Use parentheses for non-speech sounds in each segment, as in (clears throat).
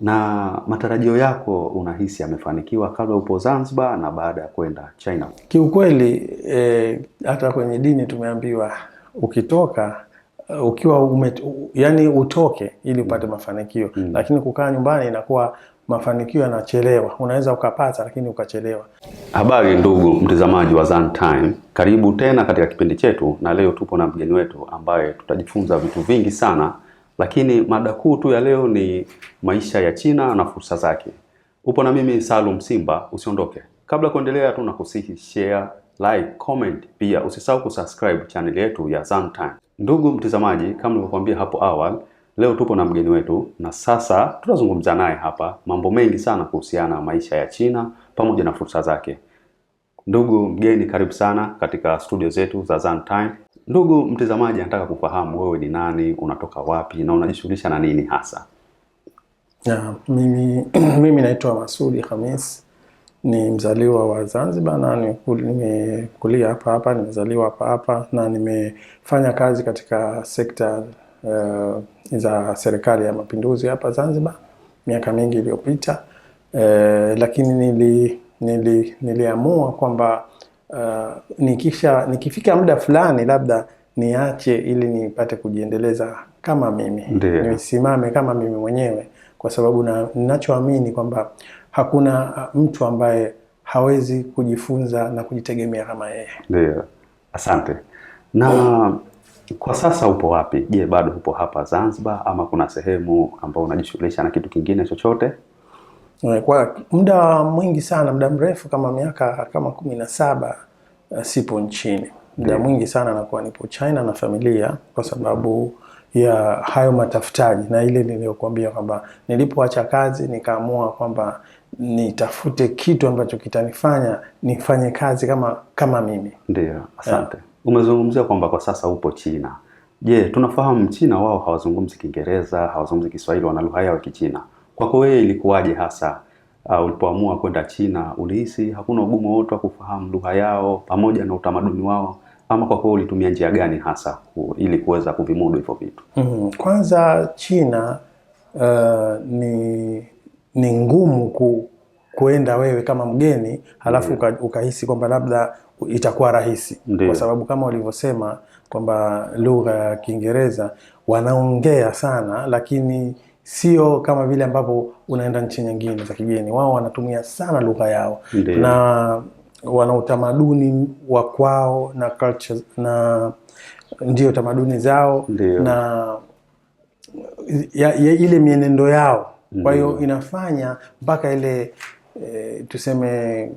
na matarajio yako unahisi yamefanikiwa kabla upo Zanzibar na baada ya kwenda China? Kiukweli e, hata kwenye dini tumeambiwa ukitoka eh, ukiwa ume, yani utoke ili upate mafanikio mm. Lakini kukaa nyumbani inakuwa mafanikio yanachelewa, unaweza ukapata lakini ukachelewa. Habari ndugu mtazamaji wa Zantime, karibu tena katika kipindi chetu, na leo tupo na mgeni wetu ambaye tutajifunza vitu vingi sana lakini mada kuu tu ya leo ni maisha ya China na fursa zake. Upo na mimi Salum Simba, usiondoke. Kabla kuendelea tu nakusihi share, like, comment, pia usisahau kusubscribe channel yetu ya Zantime. Ndugu mtizamaji, kama nilivyokuambia hapo awali, leo tupo na mgeni wetu na sasa tutazungumza naye hapa mambo mengi sana kuhusiana na maisha ya China pamoja na fursa zake. Ndugu mgeni, karibu sana katika studio zetu za Zantime. Ndugu mtazamaji, nataka kufahamu wewe ni nani, unatoka wapi na unajishughulisha na nini hasa? Ya, mimi, (clears throat) mimi naitwa Masudi Khamis ni mzaliwa wa Zanzibar na nimekulia hapa hapa, nimezaliwa hapa hapa na nimefanya kazi katika sekta uh, za serikali ya mapinduzi hapa Zanzibar miaka mingi iliyopita. Uh, lakini nili, nili, niliamua kwamba uh, nikisha nikifika muda fulani labda niache ili nipate kujiendeleza kama mimi, nisimame kama mimi mwenyewe, kwa sababu na ninachoamini kwamba hakuna uh, mtu ambaye hawezi kujifunza na kujitegemea kama yeye. Ndio, asante. Na kwa sasa upo wapi? Je, bado upo hapa Zanzibar ama kuna sehemu ambayo unajishughulisha na kitu kingine chochote? Kwa muda mwingi sana, muda mrefu kama miaka kama kumi na saba eh, sipo nchini, muda mwingi sana nakuwa nipo China na familia kwa sababu ya hayo matafutaji na ile niliyokuambia kwamba nilipoacha kazi nikaamua kwamba nitafute kitu ambacho kitanifanya nifanye kazi kama kama mimi. Ndio, eh. asante. Yeah. Umezungumzia kwamba kwa sasa upo China. Je, tunafahamu China wao hawazungumzi Kiingereza, hawazungumzi Kiswahili, wana lugha yao ya Kichina. Kwako wewe ilikuwaje hasa uh, ulipoamua kwenda China? Ulihisi hakuna ugumu wote wa kufahamu lugha yao pamoja na utamaduni wao, ama kwako ulitumia njia gani hasa ili kuweza kuvimudu hivyo vitu? Mm, kwanza China uh, ni ni ngumu ku, kuenda wewe kama mgeni halafu mm. ukahisi kwamba labda itakuwa rahisi Ndiyo. Kwa sababu kama ulivyosema kwamba lugha ya Kiingereza wanaongea sana, lakini sio kama vile ambapo unaenda nchi nyingine za kigeni. Wao wanatumia sana lugha yao Ndeo. na wana utamaduni wa kwao na culture, na ndio tamaduni zao Ndeo. na ya, ya ile mienendo yao. Kwa hiyo inafanya mpaka ile e, tuseme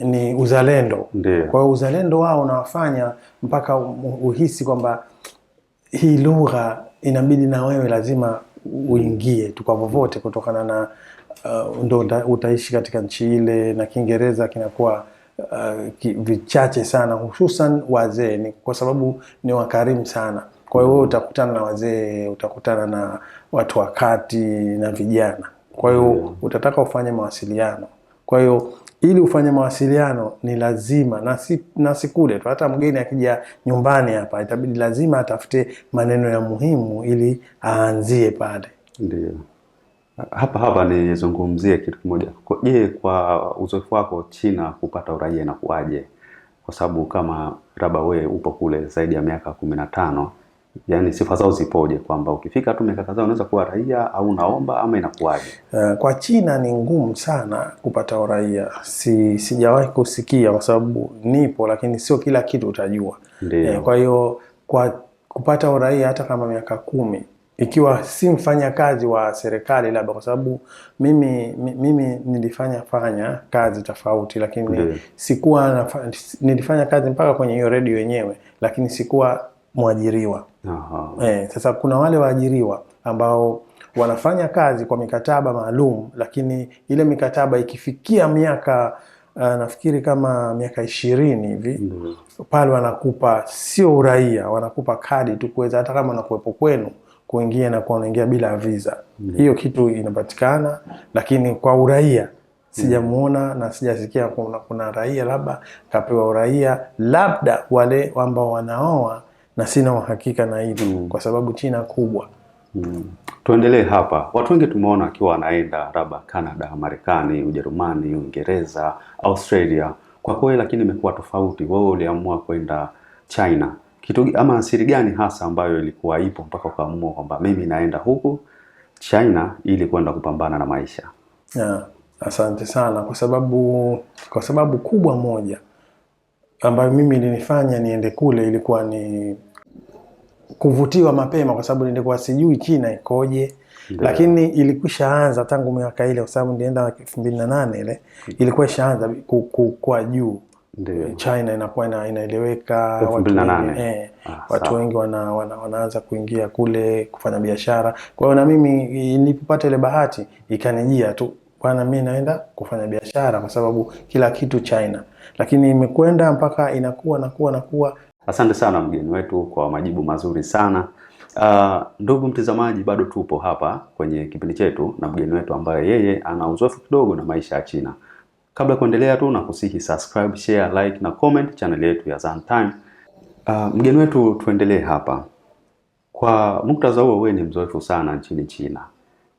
ni uzalendo. Kwa hiyo uzalendo wao unawafanya mpaka uhisi kwamba hii lugha inabidi na wewe lazima uingie tu kwa vovote, kutokana na uh, ndo utaishi katika nchi ile, na Kiingereza kinakuwa uh, ki, vichache sana, hususan wazee ni, kwa sababu ni wakarimu sana. Kwa hiyo utakutana na wazee, utakutana na watu wakati na vijana, kwa hiyo mm. utataka ufanye mawasiliano, kwa hiyo ili ufanye mawasiliano ni lazima na si, na si kule tu. Hata mgeni akija nyumbani hapa itabidi lazima atafute maneno ya muhimu ili aanzie pale. Ndio hapa hapa nizungumzie kitu kimoja. Je, kwa uzoefu wako China kupata uraia inakuwaje? Kwa sababu kama raba wewe upo kule zaidi ya miaka kumi na tano yani sifa zao zipoje, kwamba ukifika tu miaka kadhaa unaweza kuwa raia au unaomba ama inakuwaje? Uh, kwa China ni ngumu sana kupata uraia. Si, sijawahi kusikia kwa sababu nipo, lakini sio kila kitu utajua. Eh, kwa hiyo kwa kupata uraia hata kama miaka kumi ikiwa si mfanyakazi wa serikali labda, kwa sababu mimi, mimi nilifanya fanya kazi tofauti, lakini Deo. sikuwa nilifanya kazi mpaka kwenye hiyo redio yenyewe, lakini sikuwa mwajiriwa. E, sasa kuna wale waajiriwa ambao wanafanya kazi kwa mikataba maalum, lakini ile mikataba ikifikia miaka uh, nafikiri kama miaka ishirini hivi mm. pale wanakupa sio uraia, wanakupa kadi tu kuweza hata kama wanakuwepo kwenu kuingia na kuwa unaingia bila visa mm. hiyo kitu inapatikana, lakini kwa uraia sijamuona mm-hmm. na sijasikia kuna, kuna raia labda kapewa uraia, labda wale ambao wanaoa na sina uhakika na hilo mm. kwa sababu China kubwa mm. Tuendelee hapa. Watu wengi tumeona akiwa wanaenda labda Canada, Marekani, Ujerumani, Uingereza, Australia. Kwa kweli lakini imekuwa tofauti. Wewe uliamua kwenda China, kitu ama siri gani hasa ambayo ilikuwa ipo mpaka ukaamua kwamba mimi naenda huku China ili kwenda kupambana na maisha? Yeah. Asante sana kwa sababu, kwa sababu kubwa moja ambayo mimi ilinifanya niende kule ilikuwa ni kuvutiwa mapema, kwa sababu nilikuwa sijui China ikoje Yeah. Lakini ilikwisha anza tangu miaka ile, kwa sababu nilienda elfu mbili na nane ile ilikuwa ishaanza kukua juu China inakuwa inaeleweka, watu, eh, ah, watu wengi wana, wana, wanaanza kuingia kule kufanya biashara. Kwa hiyo na mimi nilipopata ile bahati ikanijia tu bwana, mimi naenda kufanya biashara, kwa sababu kila kitu China, lakini imekwenda mpaka inakuwa nakuwa nakuwa. Asante sana mgeni wetu kwa majibu mazuri sana. Uh, ndugu mtazamaji, bado tupo hapa kwenye kipindi chetu na mgeni wetu ambaye yeye ana uzoefu kidogo na maisha ya China. Kabla ya kuendelea tu kusihi subscribe, share, like na comment channel yetu ya Zantime. Uh, mgeni wetu tuendelee hapa. Kwa muktadha huo, wewe ni mzoefu sana nchini China.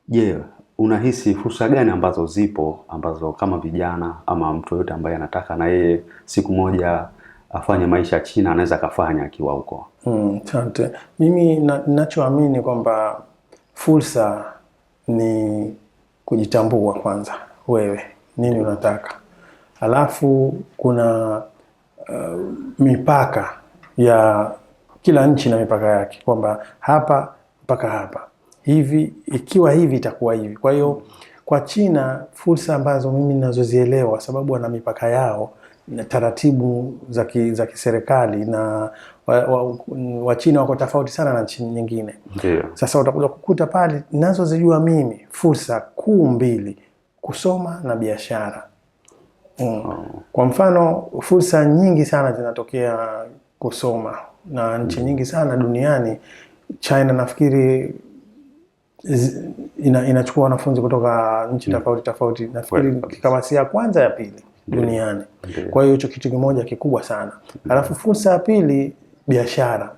Je, unahisi fursa gani ambazo zipo ambazo kama vijana ama mtu yoyote ambaye anataka na yeye siku moja afanye maisha China anaweza akafanya akiwa huko? Hmm, asante. Mm, mimi ninachoamini na, kwamba fursa ni kujitambua kwanza, wewe nini unataka, alafu kuna uh, mipaka ya kila nchi na mipaka yake, kwamba hapa mpaka hapa hivi, ikiwa hivi itakuwa hivi. Kwa hiyo kwa China fursa ambazo mimi ninazozielewa, sababu wana mipaka yao na taratibu za kiserikali na Wachina wa, wa wako tofauti sana na nchi nyingine yeah. Sasa utakuja kukuta pale nazozijua mimi fursa kuu mbili, kusoma na biashara mm. Oh. Kwa mfano fursa nyingi sana zinatokea kusoma na nchi nyingi sana duniani. China nafikiri ina, inachukua wanafunzi kutoka nchi mm. tofauti tofauti, nafikiri kama si ya kwanza ya pili duniani. Kwa hiyo hicho kitu kimoja kikubwa sana. Alafu fursa ya pili biashara,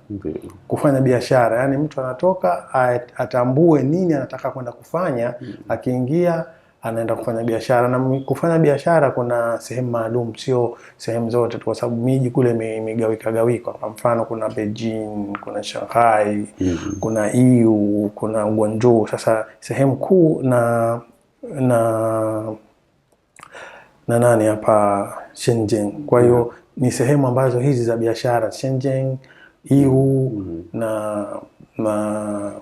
kufanya biashara, yaani mtu anatoka atambue nini anataka kwenda kufanya, mm. akiingia anaenda kufanya biashara, na kufanya biashara kuna sehemu maalum, sio sehemu zote tu, kwa sababu miji kule imegawika gawika. Kwa mfano kuna Beijing, kuna Shanghai mm -hmm. kuna iu kuna Guangzhou. Sasa sehemu kuu na na na nani hapa Shenzhen. Kwa hiyo yeah. Mhm. ni sehemu ambazo hizi za biashara Shenzhen, Yiwu mm -hmm. na, na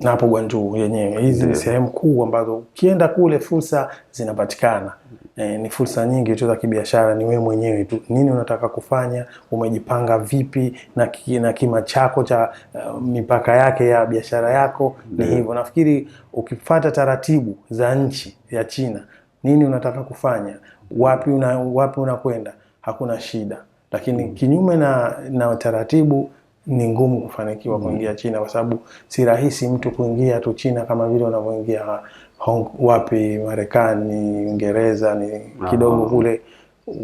na hapo Gwanjugu yenyewe. Hizi ni sehemu kuu ambazo ukienda kule fursa zinapatikana. E, ni fursa nyingi tu za kibiashara. Ni wewe mwenyewe tu, nini unataka kufanya, umejipanga vipi na, ki, na kima chako cha uh, mipaka yake ya biashara yako ni hivyo. Nafikiri ukifata taratibu za nchi ya China, nini unataka kufanya, wapi una, wapi unakwenda, hakuna shida, lakini mm. kinyume na, na taratibu ni ngumu kufanikiwa mm. kuingia China kwa sababu si rahisi mtu kuingia tu China kama vile unavyoingia Hong, wapi Marekani, Uingereza ni ah, kidogo ah, kule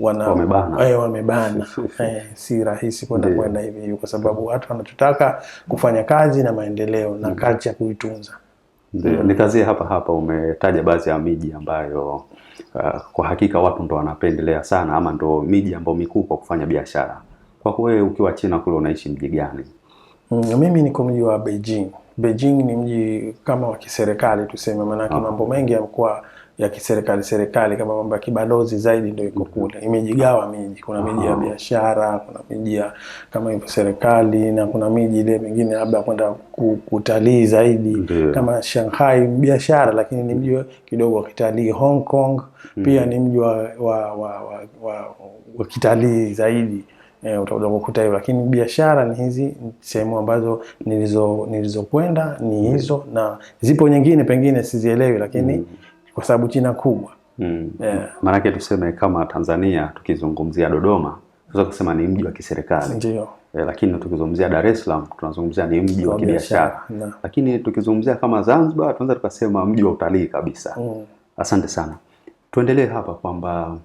wana wamebana, eh, wamebana. (laughs) Eh, si rahisi kwenda kwenda hivi kwa sababu watu wanatutaka kufanya kazi na maendeleo na kazi ya kuitunza. Ndio mm. nikazie hapa hapa, umetaja baadhi ya miji ambayo uh, kwa hakika watu ndo wanapendelea sana ama ndo miji ambayo mikuu kwa kufanya biashara kwa kuwe ukiwa China kule unaishi mji gani? Mm, mimi niko mji wa Beijing. Beijing ni mji kama wa kiserikali tuseme, maanake ah. mambo mengi yamekuwa ya kiserikali serikali, kama mambo ya kibalozi zaidi ndio iko mm-hmm. kule. Imejigawa miji, kuna miji ya ah. biashara, kuna miji ya kama hivyo serikali, na kuna miji ile mingine labda kwenda kutalii zaidi Ndiyo. kama Shanghai biashara, lakini ni mji kidogo wa kitalii. Hong Kong pia mm-hmm. ni mji wa, wa, wa, wa, wa, wa kitalii zaidi e, utakuja kukuta hivyo, lakini biashara ni hizi sehemu ambazo nilizokwenda ni mm. hizo, na zipo nyingine pengine sizielewi, lakini mm. kwa sababu China kubwa mm. yeah. Maanake tuseme kama Tanzania tukizungumzia Dodoma tunaweza kusema ni mji wa kiserikali ndio eh, lakini tukizungumzia Dar es Salaam tunazungumzia ni mji wa kibiashara, lakini tukizungumzia kama Zanzibar tunaweza tukasema mji wa utalii kabisa. mm. Asante sana, tuendelee hapa kwamba